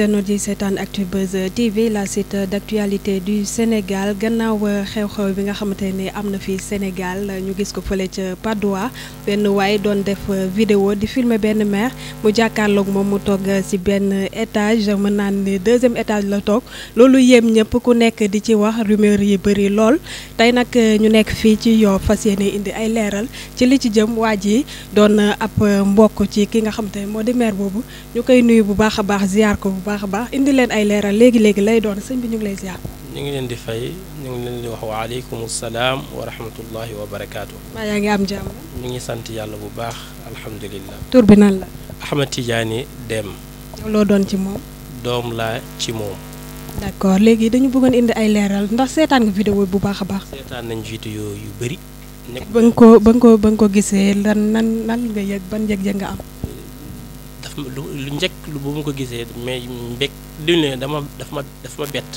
internet yi seetaan Actubuzz TV la site d' actualité du Sénégal gannaaw euh, xew-xew bi nga xamante ne am na fi Sénégal ñu gis ko fële ca Padoa benn waaye doon def euh, vidéo di filmer benn maire mu jàkkaarloog moom mu togg ci euh, benn étage mën naa ne deuxième étage la toog loolu yéem ñëpp ku nekk di ci wax rumeur yi bëri lool tey nag ñu nekk fii ci yoo fas yéene indi ay leeral ci li ci jëm waa ji doon ab mbokk ci ki nga xamante ne moo di maire boobu ñu koy nuyu bu baax a baax ziar ko bu baax baax a baax indi leen ay leeral léegi léegi lay doon sëñ bi ñu ngi lay ziar. ñu ngi leen di fay ñu ngi leen di wax waaleykum salaam wa rahmatullahi wa barakaatu. maa yaa ngi am jàmm. ñu ngi sant yàlla bu baax alhamdulilah. tur la nan la. Ahmed Tidiane Deme. loo doon ci moom. doom la ci moom. d' léegi dañu bëggoon indi ay leeral ndax seetaan nga vidéo bu baax a baax. seetaan nañ vidéo yu bari ba ko ba nga ko ba nga ko gisee lan nan nan nga yëg ban yëg-yëg nga am. lu lu njëkk lu bu ma ko gisee mais mbég li ne dama daf ma daf ma bett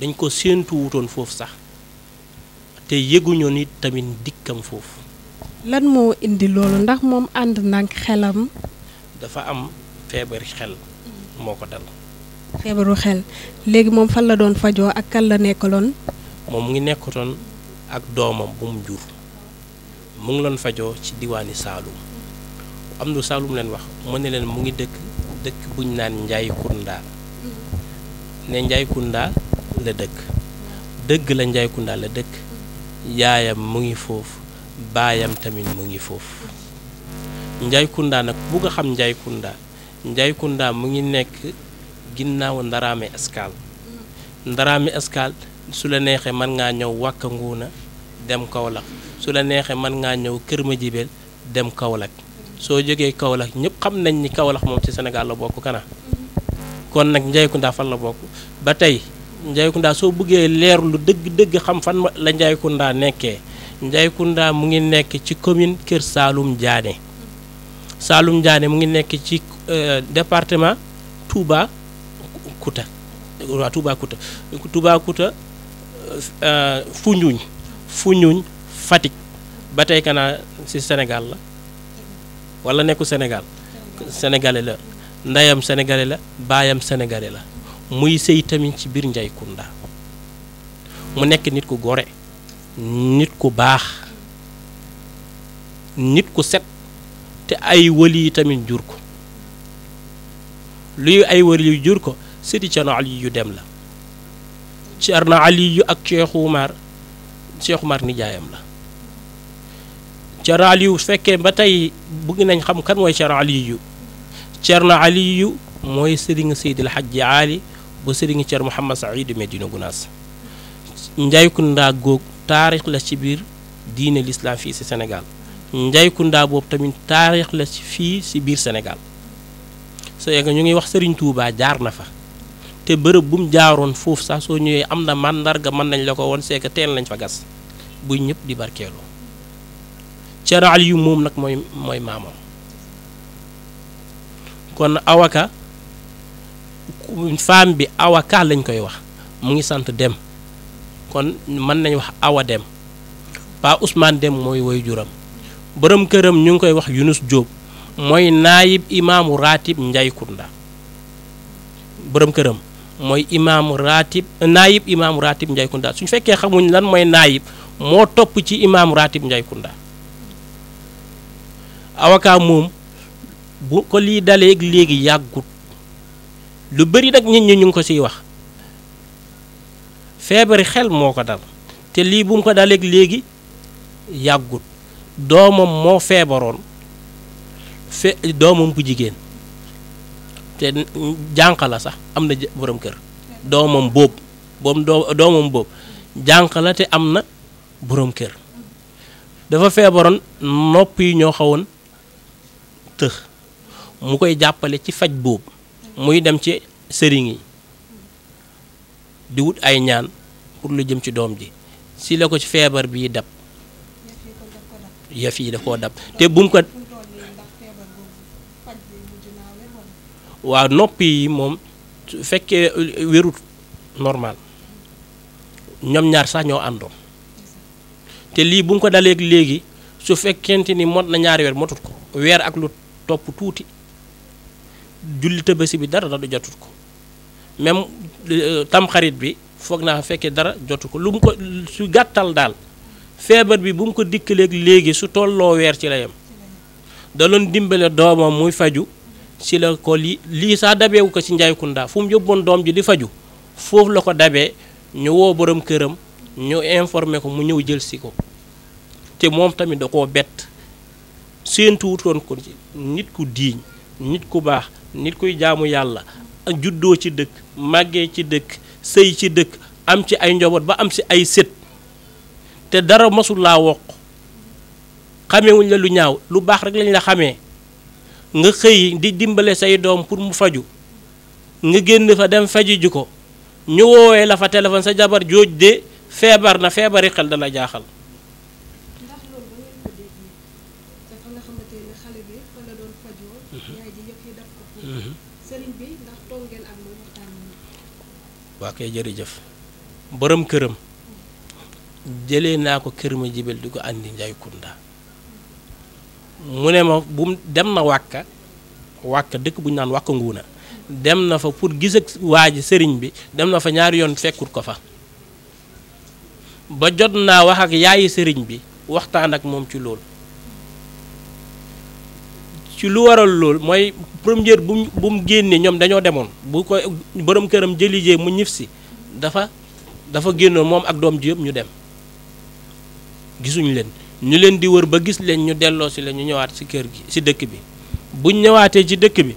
dañ ko séentu foofu sax te yëguñoon it tamit dikkam foofu lan moo indi loolu ndax moom ànd nag xelam dafa am feebar xel moo ko dal feebaru xel léegi moom fan la doon fajoo ak kan la nekkaloon moom mu ngi nekkatoon ak doomam bu mu jur mu ngi loon fajoo ci diwaani Saalum am lu sax leen wax mu ne leen mu ngi dëkk dëkk buñ naan Njaay Kunda ne Njaay Kunda la dëkk dëgg la Njaay Kunda la dëkk yaayam mu ngi foofu baayam tamit mu ngi foofu Njaay Kunda nag bu nga xam Njaay Kunda Njaay Kunda mu ngi nekk ginnaaw Ndaraame Escale Ndaraame Escale su la neexee mën ngaa ñëw Wàkka Nguuna dem Kaolack su la neexee mën ngaa ñëw Kër ma Madiabel dem Kaolack soo jógee Kaolack ñëpp xam nañ ni Kaolack moom ci Sénégal la bokk kana kon nag Njaaykounda fan la bokk ba tey Njaaykounda soo bëggee leer lu dëgg-dëgg xam fan la Njaaykounda nekkee Njaaykounda mu ngi nekk ci commune Kër Saalum Diané Saalum Diané mu ngi nekk ci euh, département Touba Kouta waaw Touba Kouta Touba Kouta euh, Foundiougne Foundiougne Fatick ba tey kanaa ci Sénégal la wala nekku Sénégal sénégalais la ndeyam sénégalais la baayam sénégalais la muy sëy tamit ci biir Njaykunda mu nekk nit ku gore nit ku baax nit ku set te ay wali yi tamit jur ko luy ay wali jur ko sëti Cerno Ali yu dem la Cerno Ali yu ak Cheikh Oumar nijaayam la Thierno Aliou su fekkee ba tey bëgg nañ xam kan mooy Thierno Aliou na Aliou mooy Serigne Seydil Hadji Ali bu Serigne Thierno Mouhamed Saïd Medina Gounass Njaykunda góog taarix la ci biir diine l'islam fii si Sénégal Njaykunda boobu tamit taarix la fii si biir Sénégal c'est ñu ngi wax Serigne Touba jaar na fa te bërëb bu jaaroon foofu sax soo ñëwee am na màndarga mën nañ la ko woon c'est teen lañ fa gas buy ñëpp di barkeeloo. Thierno Aliou moom nag mooy mooy maamam kon awaka femme bi awaka lañ koy wax mu ngi sant dem kon mën nañ wax awa dem pa Ousmane dem mooy woy juram borom këram ñu ngi koy wax Yunus Diop mooy naayib imaamu ratib Njaykunda borom këram mooy imaamu ratib naayib imaamu ratib Njaykunda suñu fekkee xamuñ lan mooy naayib moo topp ci imaamu ratib Njaykunda avocat moom bu ko lii dalee léegi yàggut lu bëri nag nit ñi ñu ngi ko ciy wax feebari xel moo ko dal te lii bu ko dalee léegi yàggut doomam moo feebaroon fe doomam bu jigéen te jànq la sax am na boroom kër doomam boobu boom doomam boobu jànq la te am na boroom kër dafa feebaroon nopp yi ñoo xawoon tëx mu koy jàppale ci faj boobu muy dem ci sëriñ yi di wut ay ñaan pour lu jëm ci doom ji si la ko ci feebar bii dab yëf yi da koo dab te bum ko waa noppi yi moom su fekkee wérut normal ñoom ñaar sax ñoo àndoon te lii bu mu ko daleeg léegi su fekkente ni mot na ñaari weer motut ko weer ak lu topp tuuti julli tëbësi bi dara du jotut ko même euh, tamxarit bi foog naa fekkee dara jotu ko lu mu ko su gàttal daal feebar bi bu mu ko dikkaleeg léegi su tolloo weer ci la daloon dimbale doomam muy faju ci la ko li lii sax dabeewu ko ci Njaaykundaa fu mu yóbboon doom ji di faju foofu la ko dabee ñëwoo boroom këram ñu informé ko mu ñëw jël si ko te moom tamit da koo bett séentuwut woon ko nit ku diiñ nit ku baax nit kuy jaamu yàlla juddoo ci dëkk màggee ci dëkk sëy ci dëkk am ci ay njaboot ba am ci ay sët te dara mosul laa woq xamewuñ la lu ñaaw lu baax rek lañ la xamee nga xëy di dimbale say doom pour mu faju nga génn fa dem faji ji ko ñu woowee la fa téléphone sa jabar jooj de feebar na feebari xel dala jaaxal sëriñ bi ndax toog ngeen jërëjëf borom këram jëlee naa ko kër ma jibel di ko andi Njaay Kunda mu ne ma bu dem na wàkka wàkka dëkk bu ñu naan wàkka nguuna dem na fa pour gis ak waa sëriñ bi dem na fa ñaari yoon fekkut ko fa ba jot naa wax ak yaayi sëriñ bi waxtaan ak moom ci loolu ci lu waral lool mooy première bu mu génnee ñoom dañoo demoon bu ko borom këram jëli jee mu ñif si dafa dafa génnoon moom ak doom ji yëpp ñu dem gisuñu leen ñu leen di wër ba gis leen ñu delloo si leen ñu ñëwaat si kër gi ci dëkk bi buñ ñëwaatee ci dëkk bi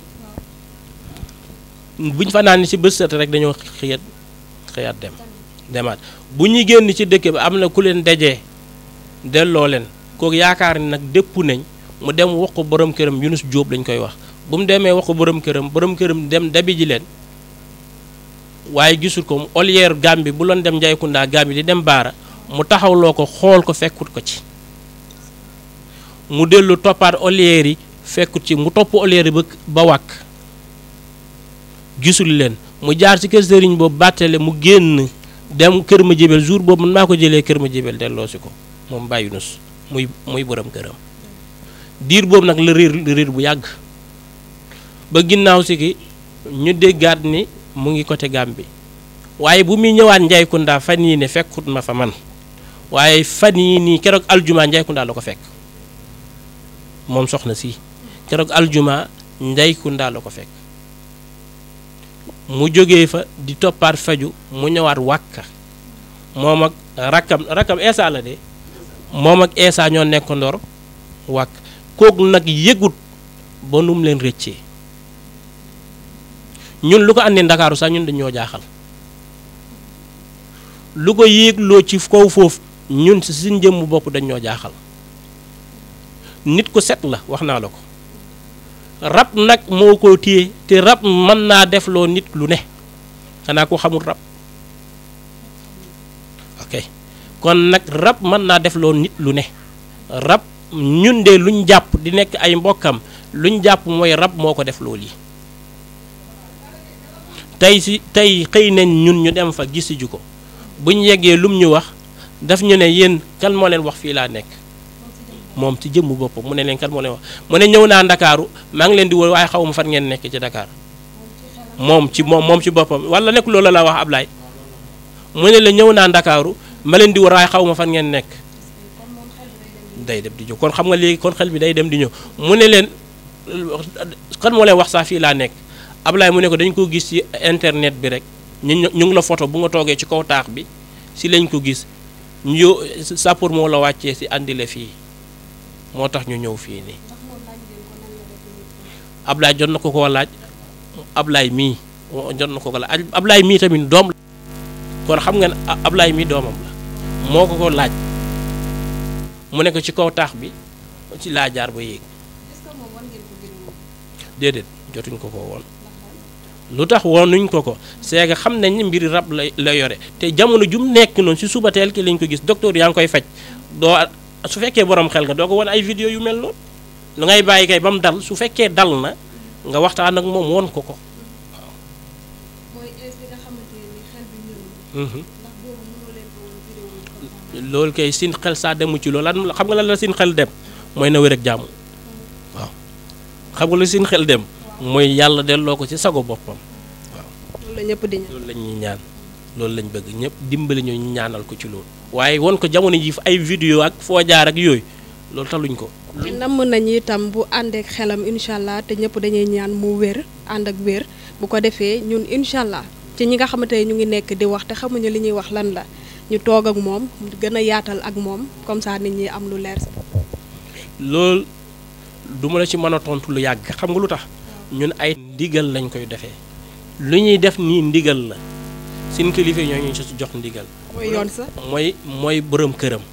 buñ fa naan si bés set rek dañoo xëyat xëyat dem demaat bu ñuy génn ci dëkk bi am na ku leen dajee delloo leen kooku yaakaar ni nag dëpp nañ mu dem wax ko borom këram Yunus Jóob lañ koy wax bu mu demee wax ko borom këram borom këram dem dabi ji leen waaye gisul ko mu olière gam bi bu loon dem Njaaykundaa gam bi di dem baara mu taxawloo ko xool ko fekkut ko ci mu dellu toppaat olière yi fekkut ci mu topp olière ba ba wàkk gisul leen mu jaar ci kër sëriñ boobu bàttale mu génn dem kër ma jébel jour boobu man maa ko jëlee kër ma jébbal delloo ko moom bàyyi nus muy muy borom këram diir boobu nag la réer riir bu yàgg ba ginnaaw si ki ñu déggaat ni mu ngi côté bi waaye bu muy ñëwaat njayku ndaa fan yii ne fekkut ma fa man waaye fan yii nii keroog aljuma Njaykunda la ko fekk moom soxna si keroog aljuma Njaykunda la ko fekk mu jóge fa di toppaat faju mu ñëwaat wàkka moom ak rakkam rakkam eesa la de moom ak eesa ñoo nekk ndoor wàkk kooku nag yëgut ba nu mu leen rëccee ñun lu ko àndee ndakaaru sax ñun dañoo jaaxal lu ko yéegloo ci kaw foofu ñun si suñ bopp dañoo jaaxal nit ko set la wax naa la ko rab nag moo ko téye te rab mën naa def loo nit lu ne xanaa ko xamul rab ok kon nag rab mën naa def loo nit lu ne rab ñun de luñ jàpp di nekk ay mbokkam luñ jàpp mooy rab moo ko def loolu tey si tey xëy nañ ñun ñu dem fa gisi ju ko buñ yeggee lum ñu wax daf ñu ne yéen kan moo leen wax fii laa nekk moom ci jëmmu boppam mu ne leen kan moo leen wax mu ne ñëw naa ndakaaru maa leen di woo waaye ma fan ngeen nekk ci Dakar moom ci moom moom ci boppam wala nekk loolu la wax Ablaay la ñëw naa ndakaaru ma leen di woo waaye xaw ma fan ngeen nekk day dem di ñëw kon xam nga léegi kon xel bi day dem di ñëw mu ne leen kan moo leen wax saa fii laa nekk Ablaye mu ne ko dañ ko gis ci internet bi rek ñu ñu ngi la photo bu nga toogee ci kaw taax bi si lañ ko gis ñu sàppur moo la wàccee si andi fii moo tax ñu ñëw fii nii Ablaye jot na ko ko laaj Ablaye mii jot na ko ko laaj Ablaye mii tamit doom la kon xam nga ne Ablaye mii doomam la moo ko ko laaj. mu ne ko ci kaw taax bi ci laa jaar ba yéeg déedéet jotuñ ko ko woon lu tax woonuñ ko ko c'est xam nañ ni mbiri rab la la yore te jamono jum nekk noonu si suba teel ki lañ ko gis doctor yaa ngi koy faj doo su fekkee boroom xel nga doo ko wan ay vidéo yu mel noonu lu ngay bàyyi kay ba mu dal su fekkee dal na nga waxtaan ak moom woon ko ko loolu kay sin xel saa demu ci loolu lan xam nga lan la sin xel dem mooy na wér ak jàmm waaw xam nga la sin xel dem mooy yàlla delloo ko ci sago boppam waaw. loolu la ñëpp di ñaan loolu la ñuy ñaan loolu lañ bëgg ñëpp dimbali ñu ñaanal ko ci lool waaye won ko jamono ji ay vidéo ak foo jaar ak yooyu loolu taluñ ko. namm nañu itam bu ànd ak xelam incha allah te ñëpp dañuy ñaan mu wér ànd ak wér bu ko defee ñun incha allah ci ñi nga xamante ne ñu ngi nekk di wax te xamuñu li ñuy wax lan la. ñu toog ak moom gën a yaatal ak moom comme ça nit ñi am lu leer. loolu du ma la ci mën a tontu lu yàgg xam nga lu tax ñun ay ndigal lañ koy defee lu ñuy def nii ndigal la seen kilifa ñoo ñu ci jox ndigal. mooy yoon sa mooy mooy borom këram.